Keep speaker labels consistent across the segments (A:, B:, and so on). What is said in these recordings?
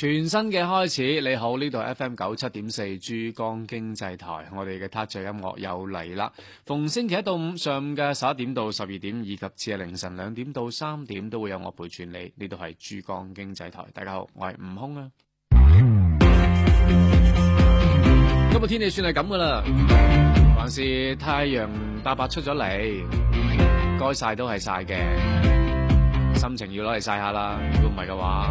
A: 全新嘅開始，你好，呢度係 F M 九七點四珠江經濟台，我哋嘅 touch 音樂又嚟啦。逢星期一到五上午嘅十一點到十二點，以及次日凌晨兩點到三點，都會有我陪住你。呢度係珠江經濟台，大家好，我係悟空啊。今日天氣算係咁噶啦，還是太陽白白出咗嚟，該晒都係晒嘅，心情要攞嚟晒下啦。如果唔係嘅話，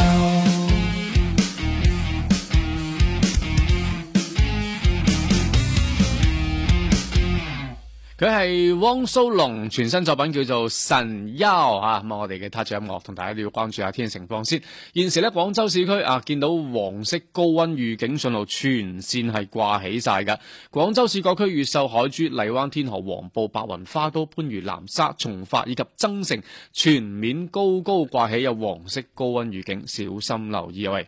A: 佢係汪蘇瀧全新作品叫做《神妖》。啊！咁我哋嘅 Touch 音樂同大家都要關注下天嘅情況先。現時呢，廣州市區啊，見到黃色高温預警信號全線係掛起晒㗎。廣州市各區越秀、海珠、荔灣、天河、黃埔、白雲、花都、番禺、南沙、從化以及增城全面高高掛起有黃色高温預警，小心留意喂。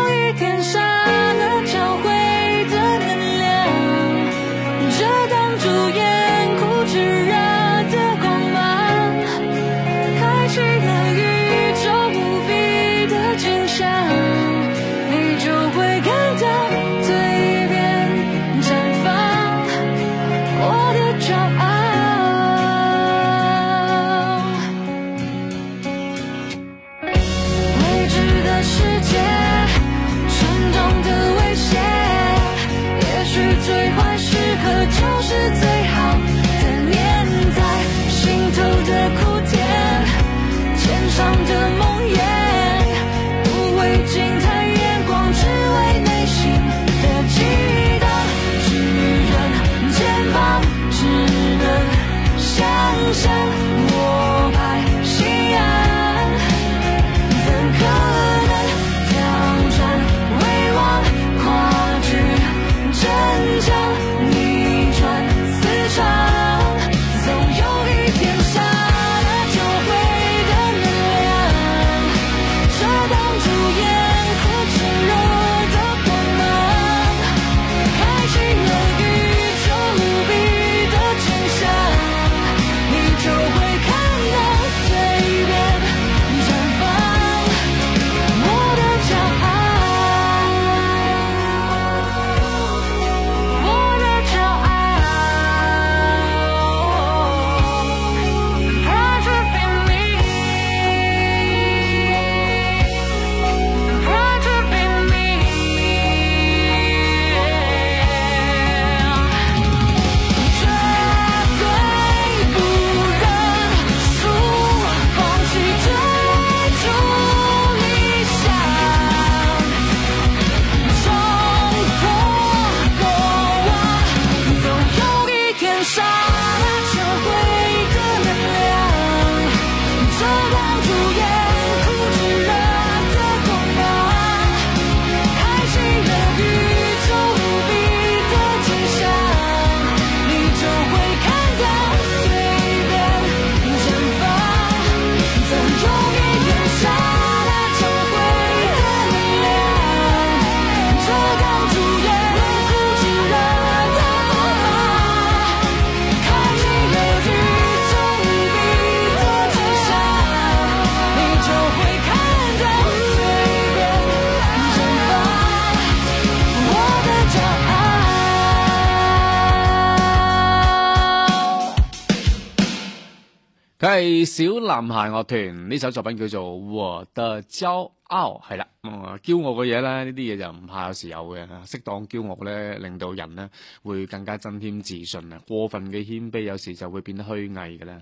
A: 小男孩樂團呢首作品叫做《我的驕傲》，係啦，呃、驕傲嘅嘢咧，呢啲嘢就唔怕有時候有嘅，適當驕傲咧，令到人咧會更加增添自信啊！過分嘅謙卑有時就會變得虛偽嘅啦。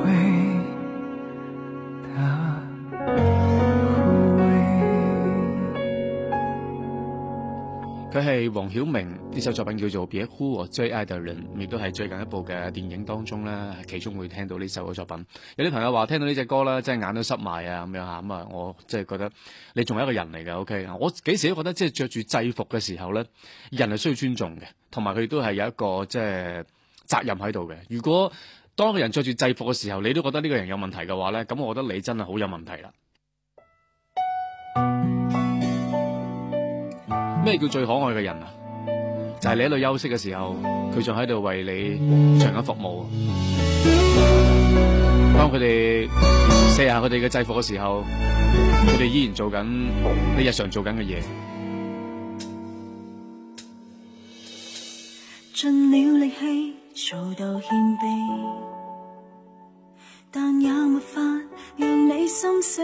A: 佢係黃曉明，呢首作品叫做《別哭》，J· 艾德倫亦都係最近一部嘅電影當中咧，其中會聽到呢首嘅作品。有啲朋友話聽到呢隻歌啦，真係眼都濕埋啊咁樣吓，咁啊，我即係覺得你仲係一個人嚟嘅。O.K.，我幾時都覺得即係着住制服嘅時候咧，人係需要尊重嘅，同埋佢都係有一個即係責任喺度嘅。如果當個人着住制服嘅時候，你都覺得呢個人有問題嘅話咧，咁我覺得你真係好有問題啦。咩叫最可愛嘅人啊？就係、是、你喺度休息嘅時候，佢仲喺度為你長時間服務，當佢哋卸下佢哋嘅制服嘅時候，佢哋依然做緊你日常做緊嘅嘢。
B: 盡了力氣，做到謙卑，但冇法令你心死。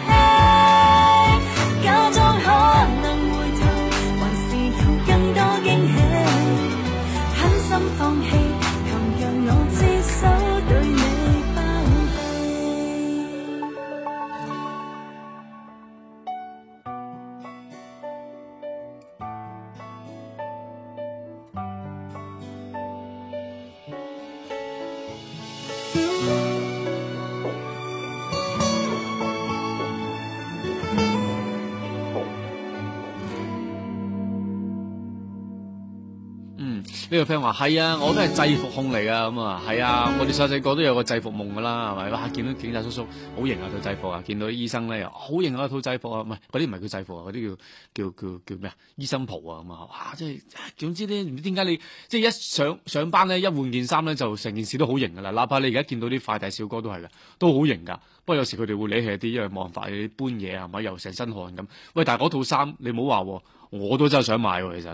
B: 嗯，呢、
A: 這個 friend 話係啊，我都係制服控嚟噶咁啊，係、嗯、啊，我哋細細個都有個制服夢噶啦，係咪？哇，見到警察叔叔好型啊套制服啊，見到啲醫生咧又好型啊套制服啊，唔係嗰啲唔係叫制服啊，嗰啲叫叫叫叫咩啊？醫生袍啊咁啊，哇！即係總之咧，唔知點解你即係一上上班咧一換件衫咧就成件事都好型噶啦，哪怕你而家見到啲快遞小哥都係噶，都好型噶。不過有時佢哋會理氣啲，因為冇辦法搬嘢啊嘛，又成身汗咁。喂，但係嗰套衫你唔好話，我都真係想買喎，其實。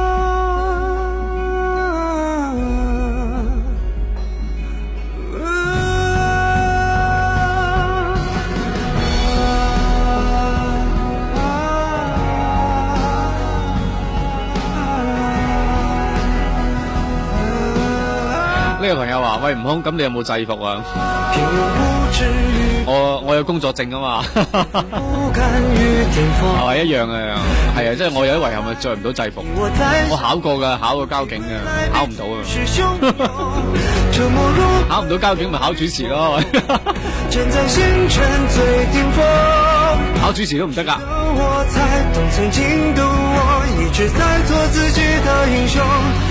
A: 啲朋友話：喂，悟空，咁你有冇制服啊？我我有工作證啊嘛，係咪 一樣嘅，係啊，即係我有啲遺憾咪着唔到制服。我，我考過噶，考過交警噶，考唔
C: 到
A: 啊， 考唔到交警咪考主持
C: 咯。考主持都唔得噶。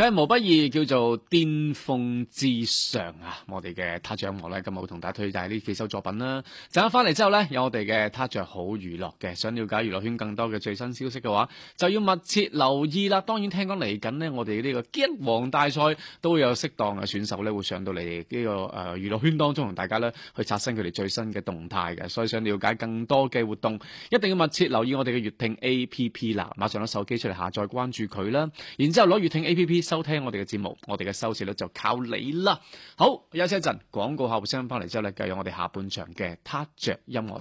A: 佢係毛不易叫做巔峰之上啊！我哋嘅他着我」樂咧，今日會同大家推介呢幾首作品啦。陣間翻嚟之後呢，有我哋嘅他着好娛樂嘅。想了解娛樂圈更多嘅最新消息嘅話，就要密切留意啦。當然聽講嚟緊呢，我哋呢個吉王大賽都會有適當嘅選手呢，會上到嚟呢個誒娛樂圈當中，同大家呢去刷新佢哋最新嘅動態嘅。所以想了解更多嘅活動，一定要密切留意我哋嘅閱聽 A P P 啦。馬上攞手機出嚟下載關注佢啦，然之後攞閱聽 A P P。收聽我哋嘅節目，我哋嘅收視率就靠你啦。好，休息一陣，廣告後聲音返嚟之後咧，繼續我哋下半場嘅踏爵音樂。